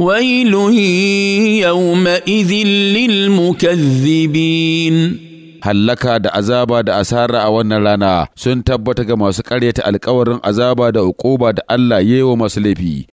ويل يومئذ للمكذبين hallaka da azaba da asara a wannan rana sun tabbata ga masu karyata alkawarin azaba da uquba da Allah yi wa masu laifi.